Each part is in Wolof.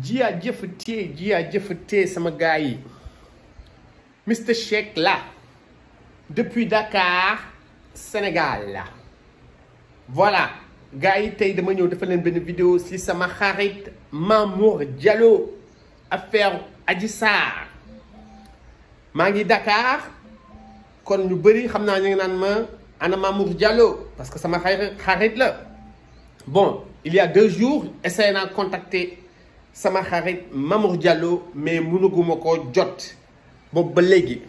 J'ai gars Mister depuis Dakar Sénégal voilà gars t'es tey dama ñëw faire une vidéo si ma xarit Mamour Diallo affaire à Mangi Dakar quand ñu Mamour Diallo parce que sama xarit bon il y a deux jours essayé de contacter sama xarit Mamour Diallo mais jot Je ba legui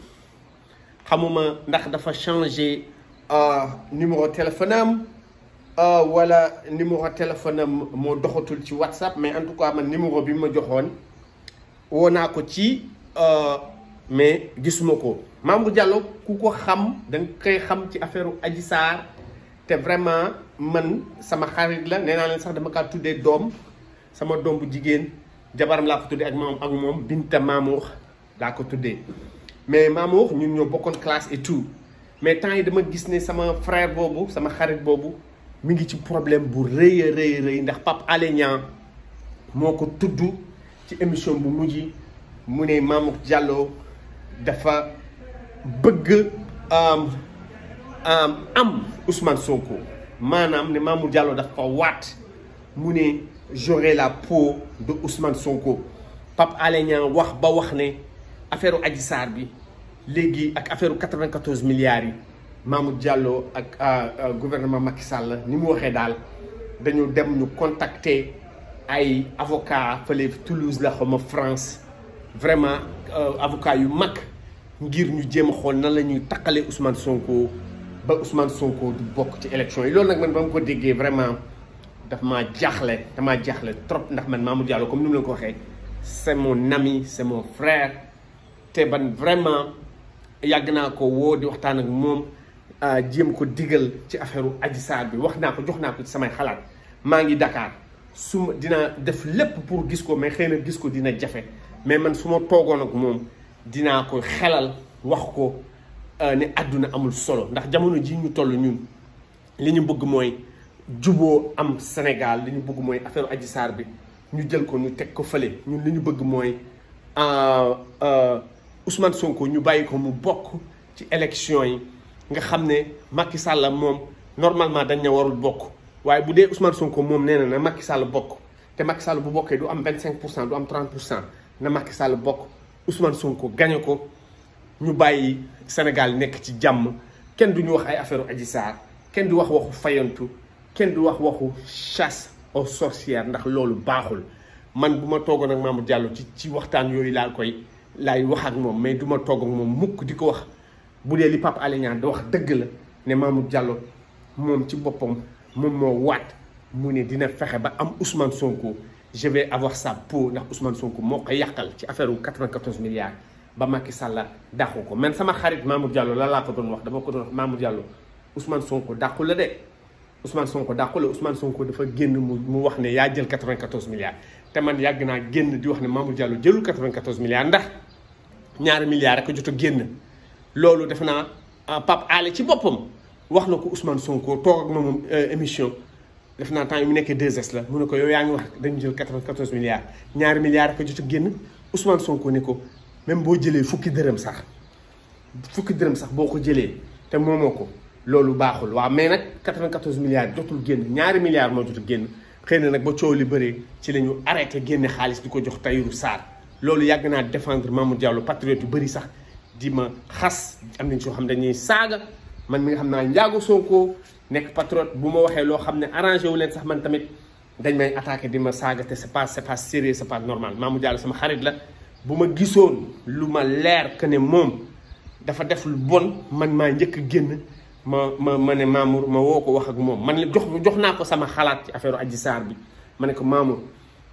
xamuma ndax dafa changé euh, numéro téléphone am euh, wala numéro téléphone am doxatul ci WhatsApp mais en tout cas man numéro bi ma joxone ko euh, mais gisumako Mamour Diallo kuko xam xam ci vraiment man sama xarit la sax dama sama doom bu jabaram la ko Mais ak suis ak mom Binta Mamour la ko mais Mamour ñun ñoo classe et tout mais dama gis né sama frère bobu sama xarit bobu mi problème bu ndax émission Mamour Diallo dafa bëgg am Ousmane Sonko manam ne Mamour Diallo dafa waat j'aurai la peau de Ousmane Sonko Pape Alényan Niang wax ba wax ne affaire Adji Sarr bi légui ak affaire 94 milliards yi Mamoud Diallo ak euh, euh, gouvernement Macky Sall ni mu waxé Nous dañu dem ñu contacter ay avocat Toulouse la France vraiment euh, avocat yu mak ngir ñu jëm a nan Ousmane Sonko ba Ousmane Sonko du bokk ci élection yi lool nak man bam ko déggé vraiment. daf maa jaaxle damaa jaaxle trop ndax man Mamour Diallo comme ni ko c'est mon ami c'est mon frère te ban vraiment yàgg naa ko woo di waxtaan ak moom jéem ko digal ci affaire Adji bi wax ko jox ko ci samay xalaat maa ngi Dakar su ma dinaa def lépp pour gis ko mais xëy na gis ko dina jafe mais man su ma ak moom dinaa ko xelal wax ko ne àdduna amul solo ndax jamono ji ñu ñun li ñu bëgg juboo am Sénégal li ñu bëgg mooy affaire Adji Sarr bi ñu jël ko ñu teg ko fële ñun li ñu bëgg mooy euh, euh, Ousmane sunkoo ñu bàyyi ko mu bokk ci élection yi nga xam ne Macky Sall moom normalement dañ ne warul bokk waaye bu dee Ousmane Sonko moom nee na na Macky Sall bokk te Macky Sall bu bokkee du am 25 pour cent du am 30 pour cent na Macky Sall bokk Ousmane Sonko gañe ko ñu bàyyi Sénégal nekk ci jàmm kenn du ñu wax ay affaire Adji Sarr kenn du wax waxu fayantu. kenn du wax waxu chasse aux sorcière ndax loolu baaxul man bu ma toogoon ak Mamour Diallo ci ci waxtaan yooyu laa koy laay wax ak moom mais duma ma toog ak moom mukk di ko wax bu dee li Pape Alé Niang da wax dëgg la ne Mamour Diallo moom ci boppam moom moo waat mu ne dina fexe ba am Ousmane Sonko je vais avoir sa peau ndax Ousmane Sonko moo ko yàqal ci affaire wu 94 milliards ba Macky Sall dàqu ko man sama xarit Mamour Diallo la laa ko doon wax dama ko doon wax Mamour Ousmane Sonko dàq la Ousmane Sonko dafa génn mu mu wax ne yaa jël 94 milliards te man yàgg naa génn di wax ne Mamour Diallo jëlul 94 milliards ndax ñaari milliards rek a jot a génn loolu def naa ah, Pape Alé ci boppam wax na ko Ousmane Sonko toog ak euh, émission def naa temps mu nekkee 2S la mu ne ko yow yaa ngi dañu jël 94 milliards ñaari milliards rek a jot a génn Ousmane Sonko ne ko même boo jëlee fukki dërëm sax fukki dërëm sax boo ko jëlee te moomoo ko. loolu baaxul waaw mais nag 94 milliards jotul génn ñaari milliards moo jotul génn xëy na nag ba coow li bëree ci la ñu arrêté génne xaalis di ko jox Tahirou Sarr loolu yàgg naa défendre Mamour Diallo patriote yu bëri sax di ma xas am nañ soo xam dañuy saaga man mi nga xam naa njaago Sonko nekk patriote bu ma waxee loo xam ne arrangé wu leen sax man tamit dañ may attaqué di ma saaga te c'est pas c'est pas sérieux c'est pas normal Mamour Diallo sama xarit la bu ma gisoon lu ma leer que ne moom dafa def lu bon man maa njëkk génn ma ma ma ne Mamour ma woo ko wax ak moom man jox jox naa ko sama xalaat ci affaire aji saar bi ma ne ko Mamour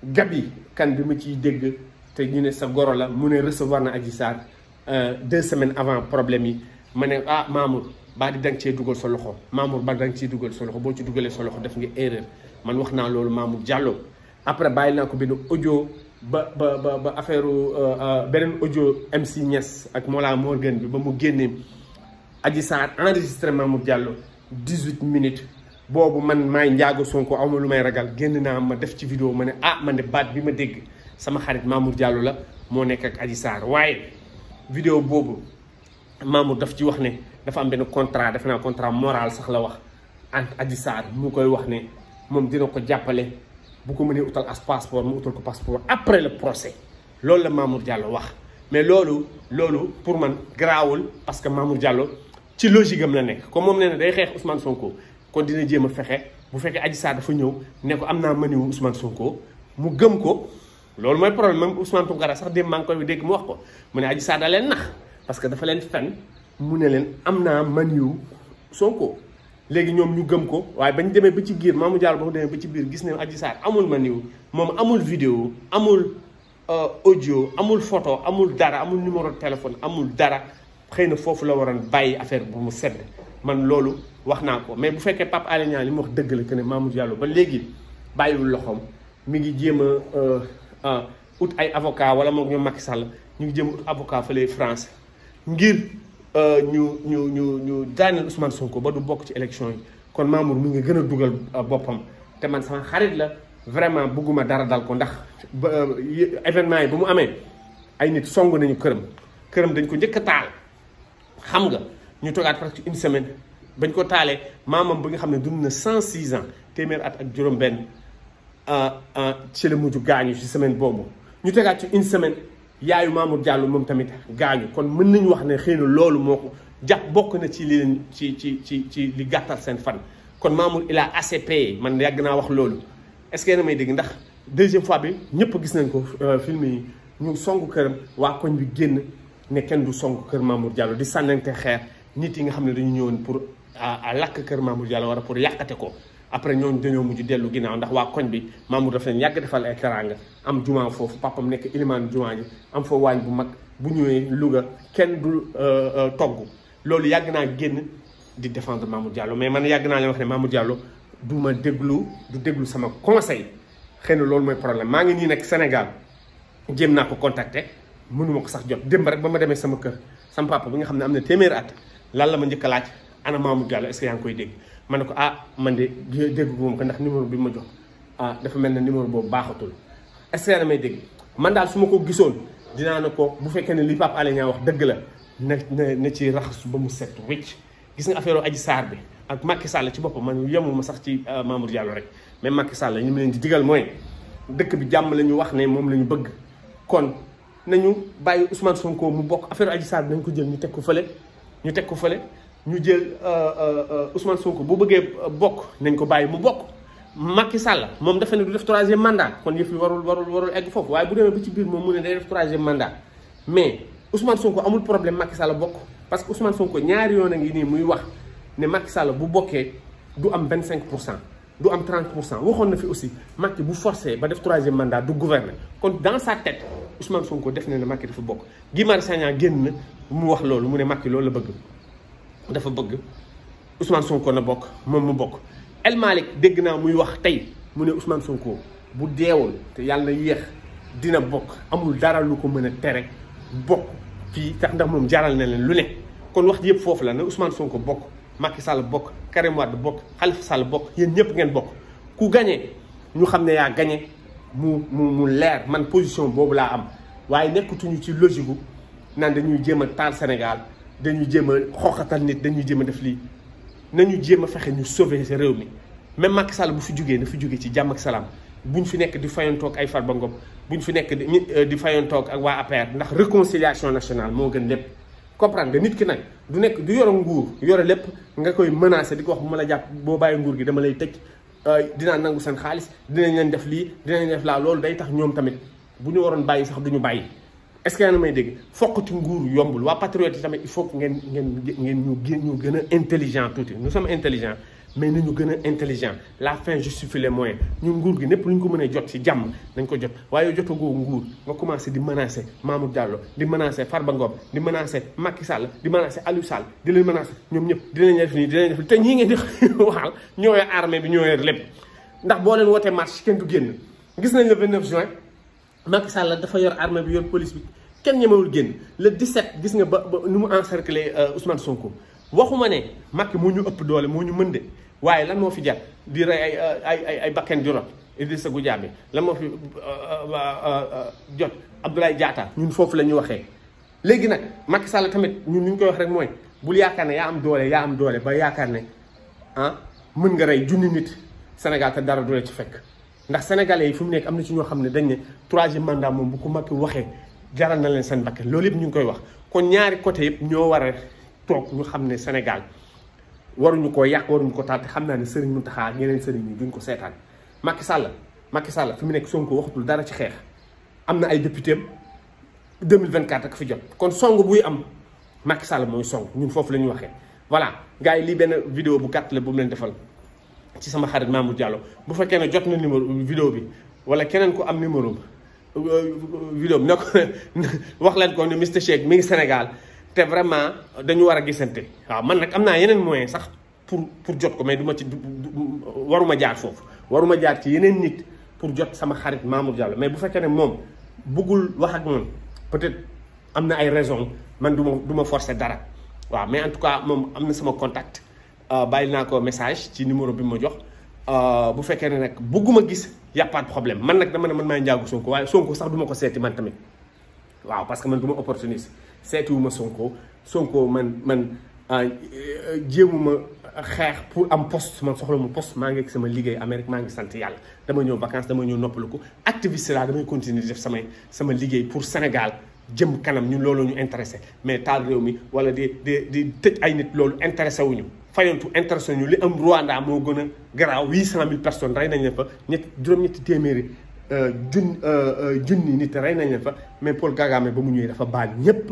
gab yi kan bi mu ciy dégg te ñu ne sa goro la mu ne recevoir na Adji Sarr euh, deux semaines avant problème yi ma ne ah Mamour baa di danga cee dugal sa loxo Mamour ba danga cee dugal sa loxo boo ci dugalee sa loxo def nga erreur man wax naa loolu Mamour Diallo après bàyyi naa ko benn audio ba ba ba affaire euh, euh, beneen audio MC Niass ak Mollah Morgun bi ba mu génnee. aji Adji Sarr enregistrement Mamour Diallo 18 minutes boobu man maay njaago Sonko aw ma lu may ragal génn naa ma def ci vidéo ma ne ah man ne baat bi ma dégg sama xarit Mamour Diallo la moo nekk ak Adji Sarr waaye vidéo boobu Mamour daf ci wax ne dafa am benn contrat def naa contrat moral sax la wax entre Adji Sarr mu koy wax ne moom dina ko jàppale bu ko mënee utal as passeport mu utal ko passeport après la procès loolu la Mamour Diallo wax mais loolu loolu pour man garaawul parce que Mamour Diallo ci logique am la nekk comme moom nee na day xeex Ousmane Sonko kon dina jéem a fexe bu fekkee Adji Sarr dafa ñëw ne am naa mëniwu Ousmane Sonko mu gëm ko loolu mooy problème même Ousmane Tounkara sax démb maa ngi koy dégg mu wax ko mu ne Adji Sarr leen nax parce que dafa leen fen mu ne leen am naa man mëniwu Sonko léegi ñoom ñu gëm ko waaye bañ demee ba ci giir Mamou Diallo ba mu demee ba ci biir gis ne Adji Sarr amul mëniwu moom amul vidéo amul euh, audio amul photo amul dara amul numéro téléphone amul dara. xëy na foofu la waroon bàyyi affaire bu mu sedd man loolu wax naa ko mais bu fekkee Pape Alé Niang li mu wax dëgg la que ne Mamour Diallo ba léegi bàyyiwul loxoom mi ngi jéem a euh, ah, ut ay avocat wala moom ñu Macky Sall ñu ngi jéem a ut avocat fële France ngir euh, ñu ñu ñu ñu daaneel Ousmane Sonko ba du bokk ci élection yi kon Mamour mi ngi gën a dugal euh, boppam te man sama xarit la vraiment bëgguma dara dal ko ndax événement yi bu mu amee ay nit song nañu këram këram dañ ko njëkk a taal. xam nga ñu toogaat presque une semaine bañ ko taalee maamam ba nga xam ne dund na 106 ans téeméer at ak juróom-benn euh, euh, ci la mujj gaañu ci semaine boobu ñu tegaat ci une semaine yaayu Mamour Diallo moom tamit gaañu kon mën nañu wax ne xëy na loolu moo ko jàpp bokk na ci li leen ci ci ci ci li gàttal seen fan. kon Mamour il a assez man yàgg naa wax loolu est-ce que yéen may dégg ndax deuxième fois bi ñëpp gis nañ ko euh, film yi ñu songu këram waa koñ bi génn. ne kenn du songu keur Mamour Diallo di sanante xeer nit yi nga xamne dañu ñëwoon pour a lak keur Mamour Diallo wala pour yakate ko après ñooñu dañoo muju delu ginaaw ndax wa koñ bi Mamour dafa ñag defal ay am juma fofu papam nek iliman juma ji am fo wañ bu mag bu ñëwee luga kenn du euh, euh, togg lolu yag na genn di défendre Mamour Diallo mais man yag na la wax ne Mamour Diallo du ma déglu du deglu sama conseil xëy lolu moy problème ma ngi ni nek Sénégal jëm na ko contacter. mënuma ko sax jot démb rek ba ma demee sama kër sama papa bi nga xam ne am na téeméeri at lan la ma njëkk a laaj ana Mamour Diallo est-ce que yaa ngi koy ma ne ko ah man de dégg moom ndax numéro bi ma jox ah dafa mel ne numéro boobu baaxatul est may dégg man daal su ma ko gisoon dinaa ne ko bu fekkee ne li Pape Alé Niang wax dëgg la na ci raxas ba mu set wécc gis nga affaire Adji Sarr bi ak Macky Sall ci boppam man yemuma sax ci euh, Mamour Diallo rek mais Macky Sall ñu mu leen di digal mooy dëkk bi jàmm la ñu wax ne moom la ñu bëgg kon nañu bàyyi Ousmane Sonko mu bokk affaire Adji Sarr nañ ko jël ñu teg ko fële ñu teg ko fële ñu jël euh, euh, euh, Ousmane Sonko bu bëggee bokk nañ ko bàyyi mu bokk Macky Sall moom defe ne du def troisième mandat kon yëf yi warul warul warul egg foofu waaye bu demee ba ci biir moom mu ne day def troisième mandat mais Ousmane Sonko amul problème Macky Sall bokk parce que Ousmane Sonko ñaari yoon a ngi nii muy wax ne Macky bu bokkee du am vingt cinq pour cent du am 30 waxon na fi aussi Macky bu forcé ba troisième mandat du gouverner dans sa tête Ousmane Sonko def na Macky dafa bok Guy Sagnan mu wax lolu mu ne Macky la bëgg dafa bëgg Ousmane Sonko na bok mom mu El Malik dégg na muy wax tay mu ne Ousmane Sonko bu te Yalla yéex dina bok amul dara lu ko a bok. Il ndax mom jaral na ne kon wax Macky Sall bokk Karim Wade bokk Khalifa Sall bokk yéen ñëpp ngeen bokk ku gagné ñu xam ne yaa gagné mu mu mu leer man position boobu laa am waaye nekkatuñu ci logique gu naan dañuy jéem a taal Sénégal dañuy jéem a xooxatal nit dañuy jéem a def lii nañu jéem a fexe ñu sauver sa réew mi même Macky Sall bu fi jógee na fi jógee ci jàmm ak salaam ñu fi nekk di fayantoog ay Farba Ngom ñu fi nekk eh, di fayantoog ak waa APR ndax réconciliation nationale moo gën lépp. comprendre nga nit ki nag du nekk du yore nguur yore lépp nga koy menacer di ko wax bu ma la jàpp boo bàyyi nguur gi dama lay tëj euh, dinaa nangu seen xaalis dinañ leen def lii dinañ def laa loolu day tax ñoom tamit bu ñu waroon bàyyi sax du ñu bàyyi. est-ce que may dégg fokk ci nguur yombul waa patriote yi tamit il faut que ngeen ngeen ngeen ñu gën ñu gën a intelligent tuuti nous sommes intelligent mais nous sommes intelligents. intelligent la fin justifie les moyens ñun nguur gi nous lu ñu ko mënee jot ci jàmm nañ ko jot waaye jotagoo nguur nga commencé di menacer Mamour Diallo di menacer Farba Ngom di menacer Macky menacer Sall menacer nous le 29 juin police bi le 17 gis nga ba nu mu euh, Ousmane Sonko. waxuma ne makki moo ñu ëpp doole moo ñu mën de waaye lan moo fi jar di rey ay ay ay bakken di rot Idrissa Goudiaby lan moo fi euh, euh, euh, jot Abdoulaye Diatta ñun foofu la ñu waxee léegi nag Macky Sall tamit ñun ni ñu koy wax rek mooy bul yaakaar ne yaa am doole yaa am doole ba yaakaar ne ah mën nga rey junni nit Sénégal te dara du la ci fekk ndax sénégalais yi fu mu nekk am na ci ñoo xam ne dañ ne troisième mandat moom bu ko Macky waxee jaral na leen seen bakken loolu yëpp ñu ngi koy wax kon ñaari côté ñoo war toog ñu xam ne Sénégal waruñu ko yàq waruñu ko taal te xam naa ne Serigne Mountakha ak ñeneen Serigne ñi duñ ko seetaan Macky Sall Macky Sall fi mu nekk Sonko waxatul dara ci xeex am na ay député am 2024 ak fi jot kon song buy am Macky Sall mooy song ñun foofu la ñuy waxee voilà gars yi lii benn vidéo bu gàtt la bu mu leen defal ci sama xarit Mamour Diallo bu fekkee ne jot na numéro vidéo bi wala keneen ku am numéro vidéo bi na ko wax leen ko ne Mister Shake mi ngi Sénégal té vraiment dañu wara a wa man nak amna yenen moyen sax pour pour jot ko mais duma ci waruma jaar fofu waruma jaar ci yenen nit pour jot sama xarit Mamour Diallo mais bu fekkee ne moom bëggul wax ak mom peut-être amna ay raison man duma duma forcer dara wa mais en tout cas mom amna sama contact euh bayil nako message ci numéro bi ma jox euh bu fekkene nak buguma bëgguma gis y pas de problème man nak dama ne man maay njaagu Sonko waaye Sonko sax duma ko setti man tamit waaw parce que man duma opportuniste seetuwuma Sonko Sonko man man ah, eh, eh, jéemuma xeex pour am poste man soxla mu poste maa ngi ak sama liggéey Amérique maa ngi sant yàlla dama ñëw vacances dama ñëw noppaliku activiste laa damay continuer di def samay sama liggéey pour Sénégal jëm kanam ñun loolu ñu intéressé mais taal réew mi wala di di di tëj ay nit loolu intéressé wuñu fayantu intéressé ñu li am Rwanda moo gën a garaaw huit cent mille personnes rey nañ ne fa ñett juróom-ñetti téeméeri jun euh, euh, junni nit ray nañ leen fa mais Paul Kagame ba mu ñëwee dafa baal ñëpp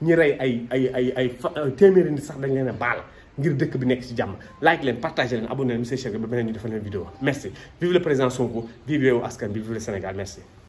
ñi ray ay ay ay ay euh, téeméeri nit sax dañ leen a baal ngir dëkk bi nekk ci jàmm like leen partagé leen abonné leen monsieur Cheikh ba beneen ñu defal leen vidéo merci vive le président Sonko vive askan bi vive le Sénégal merci